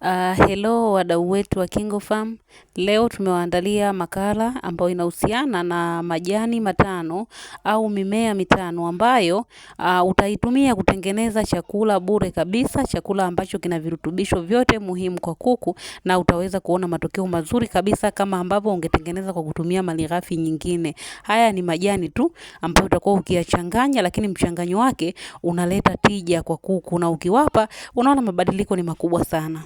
Uh, hello wadau wetu wa KingoFarm. Leo tumewaandalia makala ambayo inahusiana na majani matano au mimea mitano ambayo uh, utaitumia kutengeneza chakula bure kabisa, chakula ambacho kina virutubisho vyote muhimu kwa kuku na utaweza kuona matokeo mazuri kabisa kama ambavyo ungetengeneza kwa kutumia malighafi nyingine. Haya ni majani tu ambayo utakuwa ukiyachanganya, lakini mchanganyo wake unaleta tija kwa kuku na ukiwapa, unaona mabadiliko ni makubwa sana.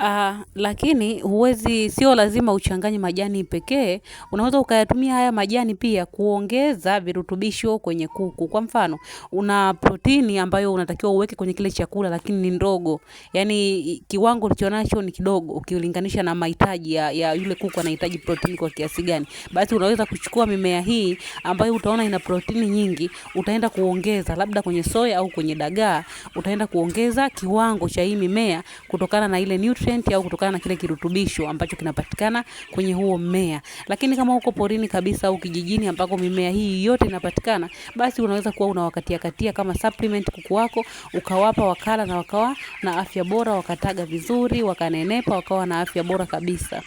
Uh, lakini huwezi, sio lazima uchanganye majani pekee. Unaweza ukayatumia haya majani pia kuongeza virutubisho kwenye kuku. Kwa mfano, una protini ambayo unatakiwa uweke kwenye kile chakula, lakini ni ndogo, yani kiwango ulichonacho ni kidogo ukilinganisha na mahitaji ya, ya yule kuku anahitaji protini kwa kiasi gani. Basi unaweza kuchukua mimea hii ambayo utaona ina protini nyingi, utaenda kuongeza labda kwenye soya au kwenye dagaa, utaenda kuongeza kiwango cha hii mimea kutokana na ile nutrient nutrient au kutokana na kile kirutubisho ambacho kinapatikana kwenye huo mmea. Lakini kama uko porini kabisa au kijijini ambako mimea hii yote inapatikana, basi unaweza kuwa unawakatia katia kama supplement kuku wako, ukawapa wakala na wakawa na afya bora, wakataga vizuri, wakanenepa, wakawa na afya bora kabisa.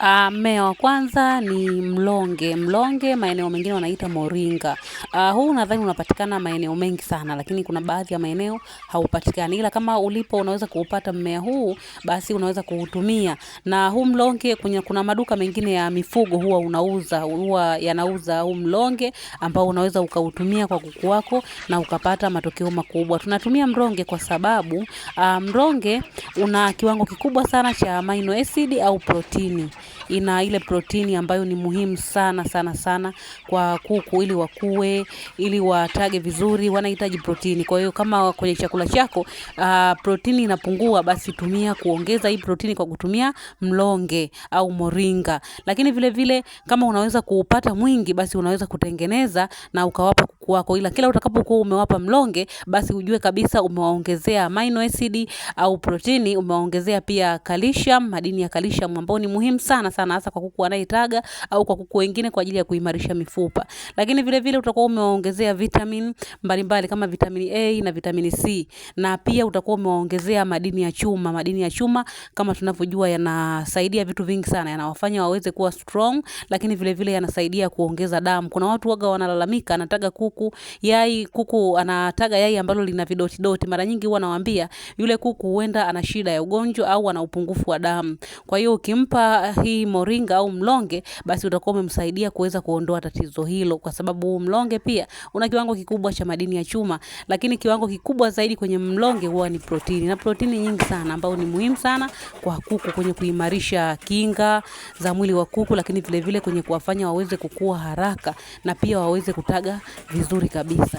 Uh, mmea wa kwanza ni mlonge. Mlonge maeneo mengine wanaita moringa. Uh, huu nadhani unapatikana maeneo mengi sana, lakini kuna baadhi ya maeneo haupatikani, ila kama ulipo unaweza kuupata mmea huu, basi unaweza kuutumia. Na huu mlonge kwenye, kuna maduka mengine ya mifugo huwa unauza huwa yanauza huu mlonge ambao unaweza ukautumia kwa kuku wako na ukapata matokeo makubwa. Tunatumia mlonge kwa sababu uh, mlonge una kiwango kikubwa sana cha amino acid au protini ina ile protini ambayo ni muhimu sana sana sana kwa kuku, ili wakue, ili watage vizuri, wanahitaji protini. Kwa hiyo kama kwenye chakula chako uh, protini inapungua, basi tumia kuongeza hii protini kwa kutumia mlonge au moringa. Lakini vile vile kama unaweza kuupata mwingi, basi unaweza kutengeneza na ukawapa kwako, ila kila utakapokuwa umewapa mlonge, basi ujue kabisa umewaongezea amino acid au protini, umewaongezea pia calcium, madini ya calcium ambayo ni muhimu sana sana, hasa kwa kuku anayetaga au kwa kuku wengine kwa ajili ya kuimarisha mifupa. Lakini vile vile utakuwa umewaongezea vitamin mbalimbali kama vitamin A na vitamin C, na pia utakuwa umewaongezea madini ya chuma. Madini ya chuma kama tunavyojua yanasaidia vitu vingi sana, yanawafanya waweze kuwa strong, lakini vile vile yanasaidia kuongeza damu. Kuna watu waga wanalalamika, anataga kuku kuku yai, kuku anataga yai ambalo lina vidotidoti, mara nyingi huwa nawaambia yule kuku huenda ana shida ya ugonjwa au ana upungufu wa damu. Kwa hiyo ukimpa eh, hii moringa au mlonge, basi utakuwa umemsaidia kuweza kuondoa tatizo hilo, kwa sababu mlonge pia una kiwango kikubwa cha madini ya chuma, lakini kiwango kikubwa zaidi kwenye mlonge huwa ni protini, na protini nyingi sana ambayo ni muhimu sana kwa kuku kwenye kuimarisha kinga za mwili wa kuku, lakini vilevile vile kwenye kuwafanya waweze kukua haraka na pia waweze kutaga vizuri vizuri kabisa.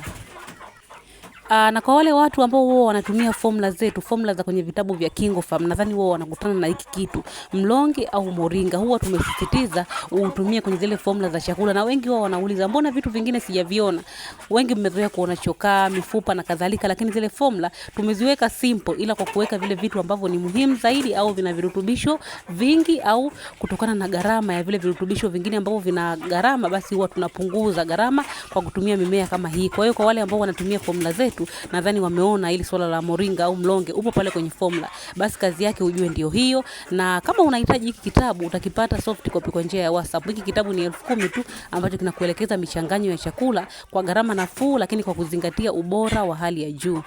Uh, na kwa wale watu ambao wao wanatumia formula zetu, formula za kwenye vitabu vya KingoFarm, nadhani wao wanakutana na hiki kitu, mlonge au moringa. Huwa tumesisitiza utumie kwenye zile formula za chakula, na wengi wao wanauliza mbona vitu vingine sijaviona. Wengi mmezoea kuona chokaa, mifupa na kadhalika, lakini zile formula tumeziweka simple, ila kwa kuweka vile vitu ambavyo ni muhimu zaidi au vina virutubisho vingi, au kutokana na gharama ya vile virutubisho vingine ambavyo vina gharama, basi huwa tunapunguza gharama kwa kutumia mimea kama hii. Kwa hiyo kwa wale ambao wanatumia formula zetu wetu, nadhani wameona ili swala la moringa au mlonge upo pale kwenye formula. Basi kazi yake ujue ndio hiyo, na kama unahitaji hiki kitabu utakipata soft copy kwa njia ya WhatsApp. Hiki kitabu ni elfu kumi tu ambacho kinakuelekeza michanganyo ya chakula kwa gharama nafuu, lakini kwa kuzingatia ubora wa hali ya juu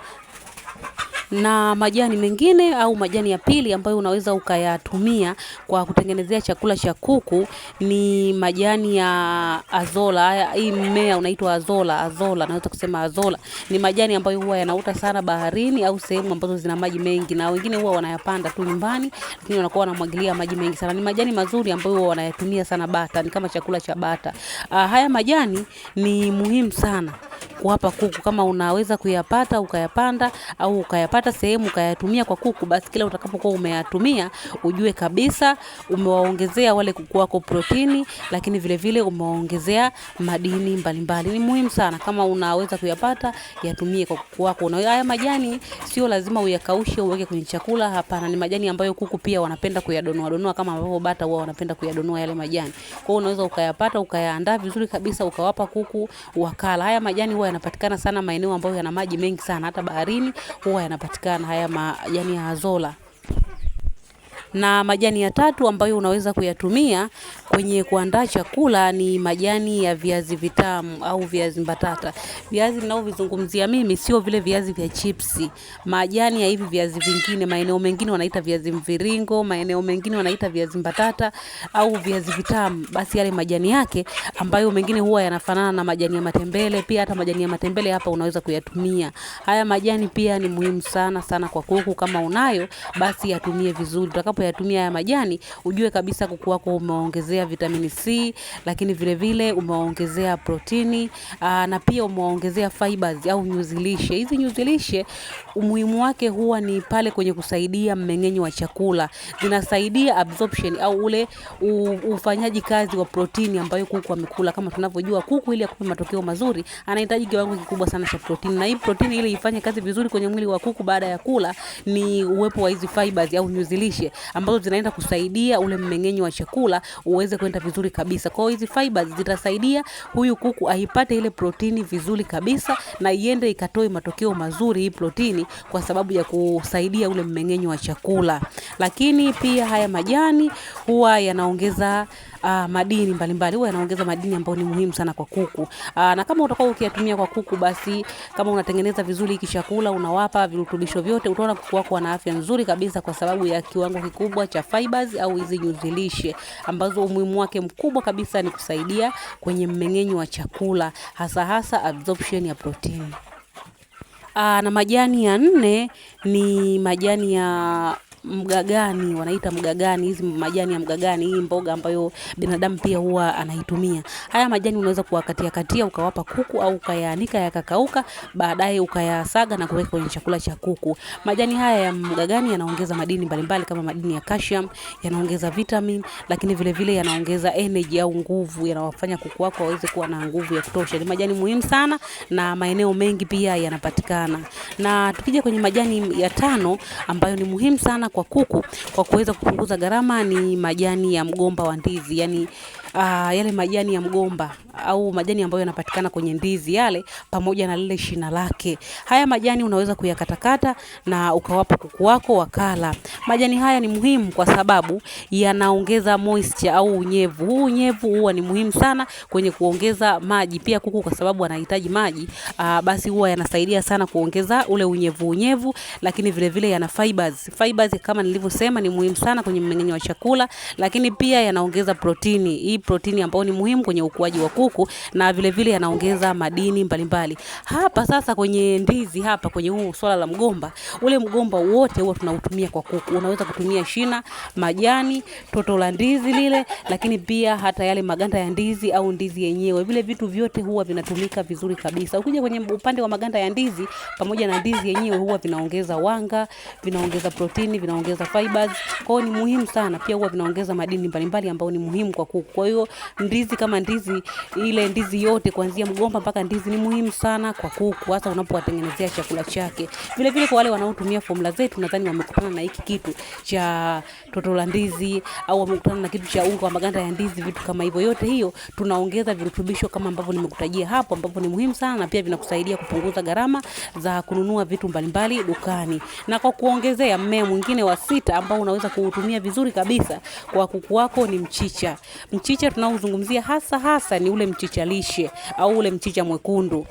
na majani mengine au majani ya pili ambayo unaweza ukayatumia kwa kutengenezea chakula cha kuku ni majani ya azola. Hii mmea unaitwa azola, azola naweza kusema azola ni majani ambayo huwa yanaota sana baharini au sehemu ambazo zina maji mengi, na wengine huwa wanayapanda tu nyumbani, lakini wanakuwa wanamwagilia maji mengi sana. Ni majani mazuri ambayo huwa wanayatumia sana bata, ni kama chakula cha bata. Ah, haya majani ni muhimu sana kuwapa kuku. Kama unaweza kuyapata ukayapanda au ukayapata sehemu ukayatumia kwa kuku, basi kila utakapokuwa umeyatumia ujue kabisa umewaongezea wale kuku wako protini, lakini vile vile umewaongezea madini mbalimbali. Ni muhimu sana, kama unaweza kuyapata yatumie kwa kuku wako. Na haya majani sio lazima uyakaushe uweke kwenye chakula, hapana. Ni majani ambayo kuku pia wanapenda kuyadonoa donoa, kama ambavyo bata huwa wanapenda kuyadonoa yale majani. Kwa hiyo unaweza ukayapata ukayaandaa vizuri kabisa ukawapa kuku wakala. Haya majani huwa yanapatikana sana maeneo ambayo yana maji mengi sana, hata baharini huwa yanapatikana haya ma, yani azola na majani ya tatu ambayo unaweza kuyatumia kwenye kuandaa chakula ni majani ya viazi vitamu au viazi mbatata. Viazi ninaovizungumzia mimi sio vile viazi vya chipsi. Majani ya hivi viazi vingine, maeneo mengine wanaita viazi mviringo, maeneo mengine wanaita viazi mbatata au viazi vitamu. Basi yale majani yake ambayo mengine huwa yanafanana na majani ya matembele, pia hata majani ya matembele hapa unaweza kuyatumia. Haya majani pia ni muhimu sana sana kwa kuku kama unayo basi yatumie vizuri. Utakapo unapoyatumia haya majani, ujue kabisa kuku wako umewaongezea vitamini C, lakini vile vile umewaongezea protini aa, ah, na pia umewaongezea fibers au nyuzilishe. Hizi nyuzilishe lishe umuhimu wake huwa ni pale kwenye kusaidia mmeng'enyo wa chakula, zinasaidia absorption au ule ufanyaji kazi wa protini ambayo kuku amekula. Kama tunavyojua kuku ili akupe matokeo mazuri anahitaji kiwango kikubwa sana cha protini, na hii protini ili ifanye kazi vizuri kwenye mwili wa kuku baada ya kula ni uwepo wa hizi fibers au nyuzilishe ambazo zinaenda kusaidia ule mmeng'enyo wa chakula uweze kwenda vizuri kabisa. Kwa hiyo hizi fibers zitasaidia huyu kuku aipate ile protini vizuri kabisa na iende ikatoe matokeo mazuri hii protini kwa sababu ya kusaidia ule mmeng'enyo wa chakula. Lakini pia haya majani huwa yanaongeza uh, madini mbalimbali, huwa yanaongeza madini ambayo ni muhimu sana kwa kuku. Uh, na kama utakuwa ukiyatumia kwa kuku, basi kama unatengeneza vizuri hiki chakula, unawapa virutubisho vyote, utaona kuku wako wana afya nzuri kabisa kwa sababu ya kiwango kikubwa kikubwa cha fibers au hizi nyuzilishe ambazo umuhimu wake mkubwa kabisa ni kusaidia kwenye mmeng'enyo wa chakula hasa hasa absorption ya protein. Aa, ah, na majani ya nne ni majani ya mgagani, wanaita mgagani, hizi majani ya mgagani, hii mboga ambayo binadamu pia huwa anaitumia. Haya majani unaweza kuwakatia katia ukawapa kuku au ukayaanika yakakauka, baadaye ukayasaga na kuweka kwenye chakula cha kuku. Majani haya ya mgagani yanaongeza madini mbalimbali kama madini ya calcium, yanaongeza vitamin, lakini vile vile yanaongeza energy au nguvu, yanawafanya kuku wako waweze kuwa na nguvu ya kutosha. Ni majani muhimu sana na maeneo mengi pia yanapatikana. Na tukija kwenye majani ya tano ambayo ni muhimu sana kwa kuku kwa kuweza kupunguza gharama ni majani ya mgomba wa ndizi, yani uh, yale majani ya mgomba au majani ambayo yanapatikana kwenye ndizi yale pamoja na lile shina lake. Haya majani unaweza kuyakatakata na ukawapa kuku wako wakala. Majani haya ni muhimu kwa sababu yanaongeza moisture au unyevu. Huu unyevu huwa ni muhimu sana kwenye kuongeza maji pia kuku kwa sababu anahitaji maji. Uh, basi huwa yanasaidia sana kuongeza ule unyevu unyevu, lakini vile vile yana fibers. Fibers kama nilivyosema ni muhimu sana kwenye mmeng'enyo wa chakula, lakini pia yanaongeza protini. Hii protini ambao ni muhimu kwenye ukuaji wa kuku na vile vile yanaongeza madini mbalimbali. Hapa sasa kwenye ndizi hapa kwenye huu swala la mgomba, ule mgomba wote huwa tunautumia kwa kuku. Unaweza kutumia shina, majani, toto la ndizi lile, lakini pia hata yale maganda ya ndizi au ndizi yenyewe. Vile vitu vyote huwa vinatumika vizuri kabisa. Ukija kwenye upande wa maganda ya ndizi pamoja na ndizi yenyewe huwa vinaongeza wanga, vinaongeza protini, vinaongeza fibers. Kwa hiyo ni muhimu sana. Pia huwa vinaongeza madini mbalimbali ambayo ni muhimu kwa kuku. Kwa hiyo ndizi kama ndizi ile ndizi yote kuanzia mgomba mpaka ndizi ni muhimu sana kwa kuku, hasa unapowatengenezea chakula chake. Vile vile kwa wale wanaotumia formula zetu, nadhani wamekutana na hiki kitu cha toto la ndizi au wamekutana na kitu cha unga wa maganda ya ndizi, vitu kama hivyo. Yote hiyo tunaongeza virutubisho kama ambavyo nimekutajia hapo, ambavyo ni muhimu sana na pia vinakusaidia kupunguza gharama za kununua vitu mbalimbali dukani. Na kwa kuongezea, mmea mwingine wa sita ambao unaweza kuutumia vizuri kabisa kwa kuku wako ni mchicha. Mchicha mchicha tunaozungumzia hasa hasa ni ule mchicha lishe au ule mchicha mwekundu.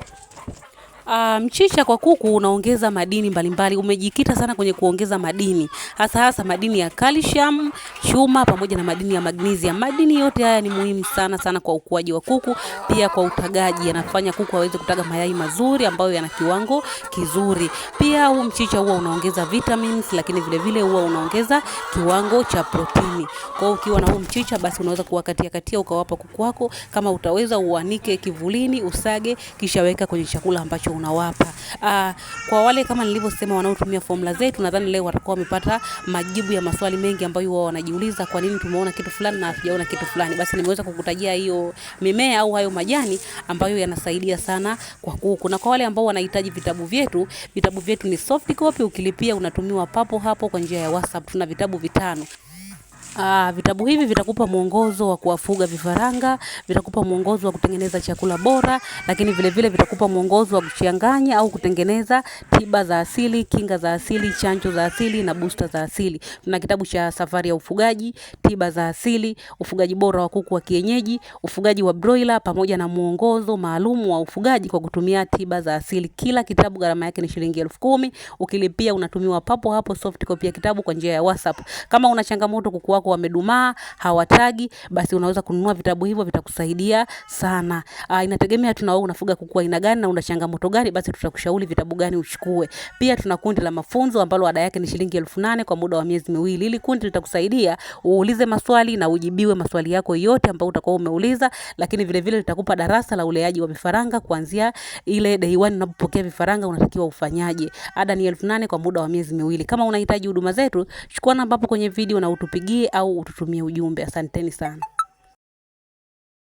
Uh, mchicha kwa kuku unaongeza madini mbalimbali. Umejikita sana kwenye kuongeza madini, hasa hasa madini ya calcium, chuma pamoja na madini ya magnesium. Madini yote haya ni muhimu sana sana kwa ukuaji wa kuku, pia kwa utagaji. Yanafanya kuku aweze kutaga mayai mazuri ambayo yana kiwango kizuri. Pia huu mchicha huwa unaongeza vitamins, lakini vile vile huwa unaongeza kiwango cha protini. Kwa hiyo ukiwa na huu mchicha, basi unaweza kuwakatia katia ukawapa kuku wako. Kama utaweza uanike kivulini, usage, kisha weka kwenye chakula ambacho unawapa. Uh, kwa wale kama nilivyosema wanaotumia formula zetu, nadhani leo watakuwa wamepata majibu ya maswali mengi ambayo wao wanajiuliza, kwa nini tumeona kitu fulani na hatujaona kitu fulani. Basi nimeweza kukutajia hiyo mimea au hayo majani ambayo yanasaidia sana kwa kuku. Na kwa wale ambao wanahitaji vitabu vyetu, vitabu vyetu ni soft copy, ukilipia unatumiwa papo hapo kwa njia ya WhatsApp. Tuna vitabu vitano. Aa, ah, vitabu hivi vitakupa mwongozo wa kuwafuga vifaranga, vitakupa mwongozo wa kutengeneza chakula bora, lakini vile vile vitakupa mwongozo wa kuchanganya au kutengeneza tiba za asili, kinga za asili, chanjo za asili na booster za asili. Tuna kitabu cha safari ya ufugaji, tiba za asili, ufugaji bora wa kuku wa kienyeji, ufugaji wa broiler pamoja na mwongozo maalum wa ufugaji kwa kutumia tiba za asili. Kila kitabu gharama yake ni shilingi elfu kumi. Ukilipia unatumiwa papo hapo soft copy ya kitabu kwa njia ya WhatsApp. Kama una changamoto kuku wako wamedumaa, hawatagi, basi unaweza kununua vitabu hivyo vitakusaidia sana. Uh, inategemea tu na wewe unafuga kuku aina gani na una changamoto gani, basi tutakushauri vitabu gani uchukue. Pia tuna kundi la mafunzo ambalo ada yake ni shilingi elfu nane kwa muda wa miezi miwili. Ili kundi litakusaidia uulize maswali na ujibiwe maswali yako yote ambayo utakuwa umeuliza, lakini vile vile litakupa darasa la uleaji wa vifaranga kuanzia ile day one unapopokea vifaranga unatakiwa ufanyaje. Ada ni elfu nane kwa muda wa miezi miwili. Kama unahitaji huduma zetu, chukua namba hapo kwenye video na utupigie au ututumie ujumbe. Asanteni sana.